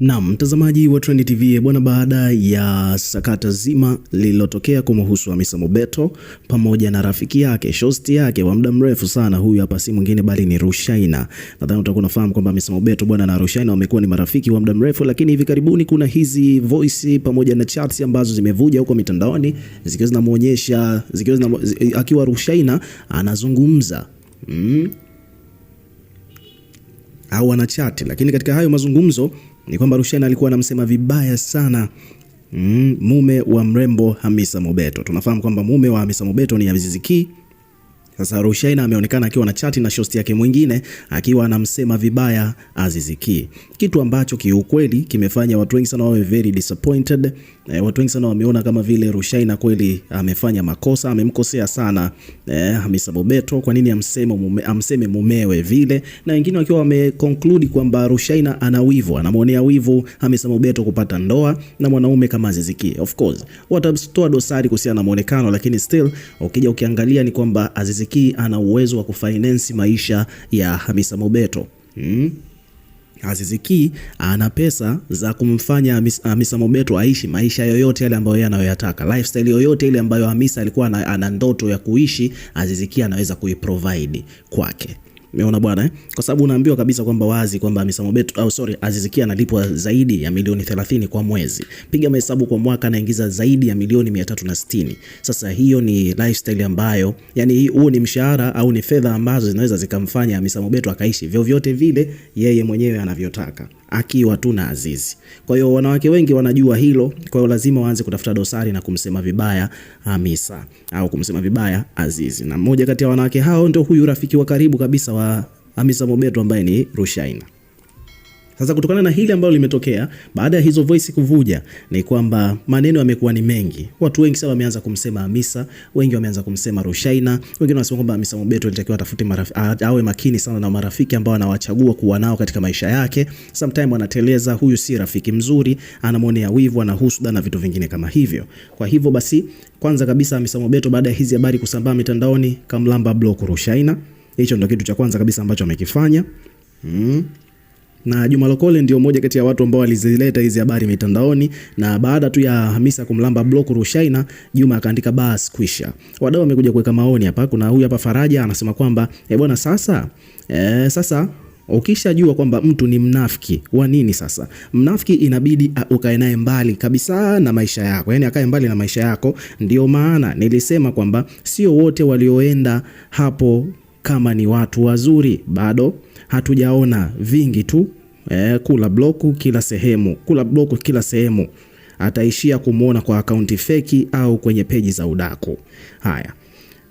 Na mtazamaji wa Trend TV bwana, baada ya sakata zima lililotokea kumhusu Hamisa Mobeto pamoja na rafiki yake shosti yake wa muda mrefu sana, huyu hapa si mwingine bali ni Rushaina. Nadhani utakuwa unafahamu kwamba Hamisa Mobeto bwana na Rushaina wamekuwa ni marafiki wa muda mrefu, lakini hivi karibuni kuna hizi voice pamoja na chats ambazo zimevuja huko mitandaoni zikiwa zinamuonyesha zikiwa zina, akiwa Rushaina anazungumza mm, au anachati, lakini katika hayo mazungumzo ni kwamba rushen alikuwa anamsema vibaya sana mm, mume wa mrembo Hamisa Mobeto. Tunafahamu kwamba mume wa Hamisa Mobeto ni Azizi Ki sasa Rushaina ameonekana akiwa na chati na shosti yake mwingine akiwa anamsema vibaya Aziziki, kitu ambacho kiukweli kimefanya watu wengi sana wawe very disappointed. E, watu wengi sana wameona kama vile Rushaina kweli amefanya makosa, amemkosea sana e, Hamisa Mobeto. Kwa nini amseme mume, amseme mumewe vile? Na wengine wakiwa wameconclude kwamba Rushaina ana wivu, anamwonea wivu Hamisa Mobeto kupata ndoa na mwanaume kama Aziziki. Of course watatoa dosari kuhusiana na muonekano, lakini still ukija ukiangalia ni kwamba Aziziki Aziki ana uwezo wa kufinance maisha ya Hamisa Mobeto hmm? Aziziki ana pesa za kumfanya Hamisa Mobeto aishi maisha yoyote yale ambayo yeye anayoyataka, lifestyle yoyote ile ambayo Hamisa alikuwa ana ndoto ya kuishi, Aziziki anaweza kuiprovide kwake. Umeona bwana eh? Kwa sababu unaambiwa kabisa kwamba wazi kwamba Hamisa Mobeto au sorry Azizikia analipwa zaidi ya milioni 30 kwa mwezi. Piga mahesabu kwa mwaka anaingiza zaidi ya milioni 360. Sasa hiyo ni lifestyle ambayo yani huo ni mshahara au ni fedha ambazo zinaweza zikamfanya Hamisa Mobeto akaishi vyovyote vile yeye mwenyewe anavyotaka akiwa tu na Azizi. Kwa hiyo wanawake wengi wanajua hilo, kwa hiyo lazima waanze kutafuta dosari na kumsema vibaya Hamisa au kumsema vibaya Azizi, na mmoja kati ya wanawake hao ndio huyu rafiki wa karibu kabisa wa Hamisa Mobeto ambaye ni Rushaina. Sasa kutokana na hili ambalo limetokea baada ya hizo voice kuvuja, ni kwamba maneno yamekuwa ni mengi. Watu wengi sasa wameanza kumsema Hamisa, wengi wameanza kumsema Rushaina, wengine wanasema kwamba Hamisa Mobeto alitakiwa atafute awe makini sana na marafiki ambao anawachagua kuwa nao katika maisha yake. Sometimes anateleza, huyu si rafiki mzuri, anamwonea wivu, ana husuda na vitu vingine kama hivyo. Kwa hivyo basi, kwanza kabisa Hamisa Mobeto baada ya hizi habari kusambaa mitandaoni, kamlamba block Rushaina. Hicho ndio kitu cha kwanza kabisa ambacho amekifanya mm na Juma Lokole ndio mmoja kati ya watu ambao walizileta hizi habari mitandaoni, na baada tu ya Hamisa kumlamba block Rushaina, Juma akaandika bas kwisha. Wadau wamekuja kuweka maoni hapa. Kuna huyu hapa Faraja anasema kwamba e bwana, sasa e, sasa ukishajua kwamba mtu ni mnafiki wa nini sasa? Mnafiki inabidi ukae naye mbali kabisa na maisha yako, yani akae mbali na maisha yako. Ndio maana nilisema kwamba sio wote walioenda hapo kama ni watu wazuri bado hatujaona vingi tu eh, kula bloku kila sehemu, kula bloku kila sehemu. Ataishia kumwona kwa akaunti feki au kwenye peji za udaku. Haya,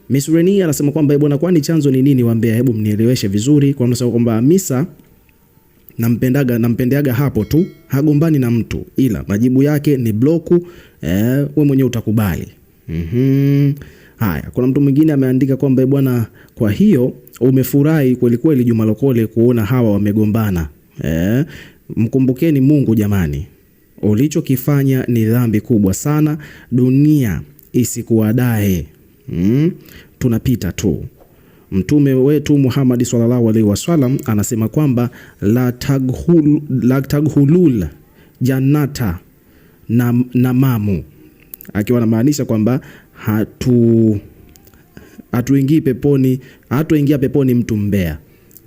Miss Renia anasema kwamba eh, bwana, kwani chanzo ni nini? Waambia, hebu mnieleweshe vizuri. Kwa sababu kwamba Misa nampendaga nampendeaga hapo tu, hagombani na mtu, ila majibu yake ni bloku. Eh, we mwenyewe utakubali. mm -hmm. Haya, kuna mtu mwingine ameandika kwamba e bwana, kwa hiyo umefurahi kwelikweli Juma Lokole kuona hawa wamegombana. eh? mkumbukeni Mungu jamani, ulichokifanya ni dhambi kubwa sana, dunia isikuadae. Mm, tunapita tu. Mtume wetu Muhammad sallallahu alaihi wasallam anasema kwamba la taghul, la taghulul jannata na, na mamu akiwa anamaanisha kwamba hatu hatuingii peponi, hatuingia peponi mtu mbea.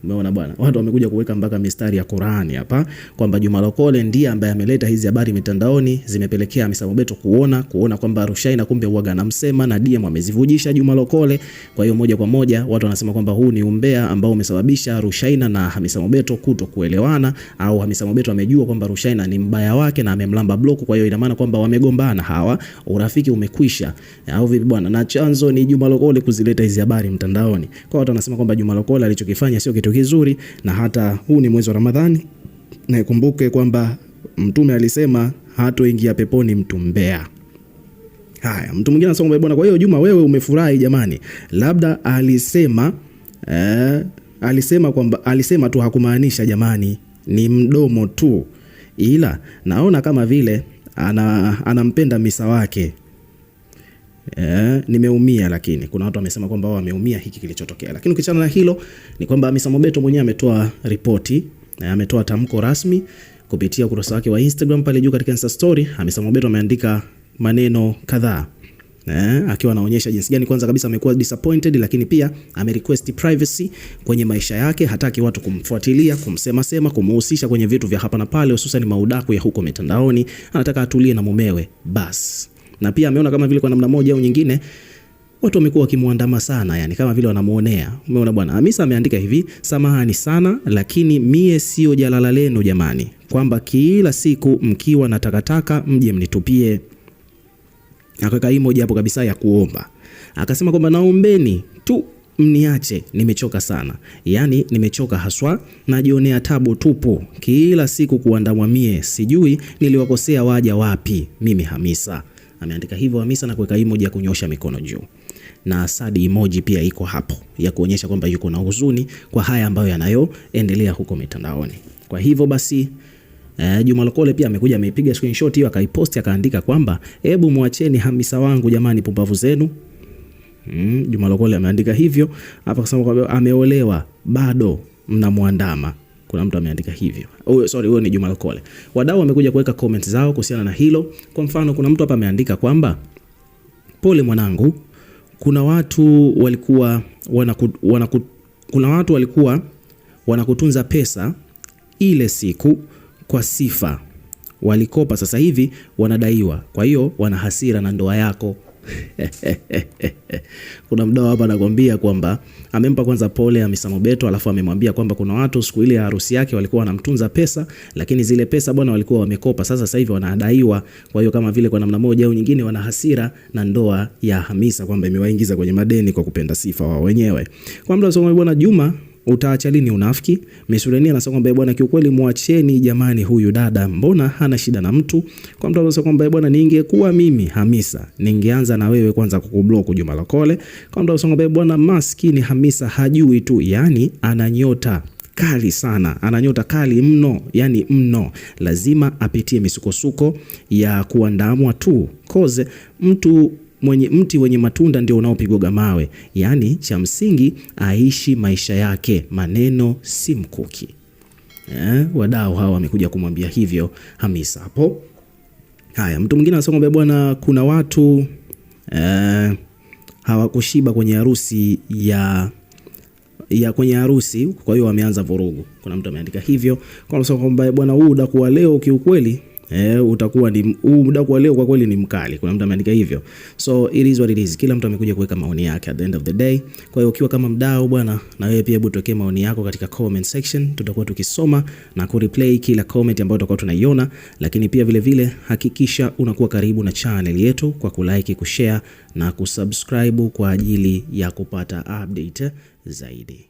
Umeona bwana, watu wamekuja kuweka mpaka mistari ya Qur'ani hapa kwamba Juma Lokole ndiye ambaye ameleta hizi habari mitandaoni, zimepelekea Hamisa Mobeto kuona kuona kwamba Rushaina kumbe uaga anamsema na DM amezivujisha Juma Lokole. Kwa hiyo moja kwa moja watu wanasema kwamba huu ni umbea ambao umesababisha Rushaina na Hamisa Mobeto kuto kuelewana, au Hamisa Mobeto amejua kwamba Rushaina ni mbaya wake na amemlamba block. Kwa hiyo ina maana kwamba wamegombana hawa, urafiki umekwisha au vipi bwana? Na chanzo ni Juma Lokole kuzileta hizi habari mtandaoni. Kwa watu wanasema kwamba Juma Lokole alichokifanya sio kitu kitu kizuri, na hata huu ni mwezi wa Ramadhani, na ikumbuke kwamba Mtume alisema hatoingia peponi mtu mbea. Haya, mtu mwingine anasema bwana, kwa hiyo Juma, wewe umefurahi jamani, labda alisema eh, alisema kwamba alisema tu hakumaanisha jamani, ni mdomo tu, ila naona kama vile ana, anampenda misa wake eh, nimeumia, lakini kuna watu wamesema kwamba wao wameumia hiki kilichotokea. Lakini ukichana na hilo ni kwamba Hamisa Mobeto mwenyewe ametoa ripoti, na ametoa tamko rasmi kupitia ukurasa wake wa Instagram pale juu katika Insta story. Hamisa Mobeto ameandika maneno kadhaa Eh, akiwa anaonyesha jinsi gani kwanza kabisa amekuwa disappointed, lakini pia amerequest privacy kwenye maisha yake. Hataki watu kumfuatilia, kumsema sema, kumhusisha kwenye vitu vya hapa na pale, hususan maudaku ya huko mitandaoni. Anataka atulie na mumewe basi na pia ameona kama vile kwa namna moja au nyingine watu wamekuwa wakimwandama sana, yani kama vile wanamuonea. Umeona bwana, Hamisa ameandika hivi: samahani sana, lakini mie sio jalala lenu jamani, kwamba kila siku mkiwa na takataka mje mnitupie. Akaweka hii moja hapo kabisa ya kuomba, akasema kwamba naombeni tu mniache, nimechoka sana, yani, nimechoka haswa, najionea tabu tupu, kila siku kuandamwa mie, sijui niliwakosea waja wapi mimi Hamisa ameandika hivyo Hamisa na kuweka emoji ya kunyosha mikono juu na sad emoji pia iko hapo ya kuonyesha kwamba yuko na huzuni kwa haya ambayo yanayoendelea huko mitandaoni. Kwa hivyo basi eh, Juma Lokole pia amekuja amepiga screenshot hiyo akaiposti akaandika kwamba hebu mwacheni Hamisa wangu jamani, pumbavu zenu. Mm, Juma Lokole ameandika hivyo hapa, kwa sababu ameolewa bado mnamwandama kuna mtu ameandika hivyo. Oh, sorry, huyo ni Juma Lokole. Wadau wamekuja kuweka comments zao kuhusiana na hilo. Kwa mfano, kuna mtu hapa ameandika kwamba pole mwanangu, kuna watu walikuwa wanaku, wanaku, kuna watu walikuwa wanakutunza pesa ile siku kwa sifa, walikopa, sasa hivi wanadaiwa, kwa hiyo wana hasira na ndoa yako. kuna mdau hapa anakwambia kwamba amempa kwanza pole Hamisa Mobeto, alafu amemwambia kwamba kuna watu siku ile ya harusi yake walikuwa wanamtunza pesa, lakini zile pesa bwana walikuwa wamekopa, sasa sasa hivi wanadaiwa. Kwa hiyo kama vile kwa namna moja au nyingine wana hasira na ndoa ya Hamisa kwamba imewaingiza kwenye madeni kwa kupenda sifa wao wenyewe. Kwa mda usome bwana Juma utaacha lini unafiki? Misuleni anasema kwamba eh, bwana, kiukweli muacheni jamani, huyu dada mbona hana shida na mtu. Kwa mtu anasema kwamba eh, bwana, ningekuwa mimi Hamisa ningeanza na wewe kwanza kukublock Juma Lokole. Kwa mtu anasema kwamba eh, bwana, maskini Hamisa hajui tu, yani ana nyota kali sana, ana nyota kali mno, yani mno, lazima apitie misukosuko ya kuandamwa tu koze mtu mwenye mti wenye matunda ndio unaopigwa mawe. Yaani cha msingi aishi maisha yake, maneno si mkuki. Eh, wadau hawa wamekuja kumwambia hivyo Hamisa hapo. Haya, mtu mwingine anasema kwamba bwana, kuna watu eh, hawakushiba kwenye harusi ya ya kwenye harusi, kwa hiyo wameanza vurugu. Kuna mtu ameandika hivyo kwa sababu kwamba bwana, huu udakuwa leo kiukweli eh, utakuwa ni huu muda kwa leo, kwa kweli ni mkali. Kuna mtu ameandika hivyo, so it is what it is. Kila mtu amekuja kuweka maoni yake at the end of the day. Kwa hiyo ukiwa kama mdau bwana, na wewe pia hebu tuwekee maoni yako katika comment section, tutakuwa tukisoma na kureplay kila comment ambayo tutakuwa tunaiona, lakini pia vile vile hakikisha unakuwa karibu na channel yetu kwa kulike, kushare na kusubscribe kwa ajili ya kupata update zaidi.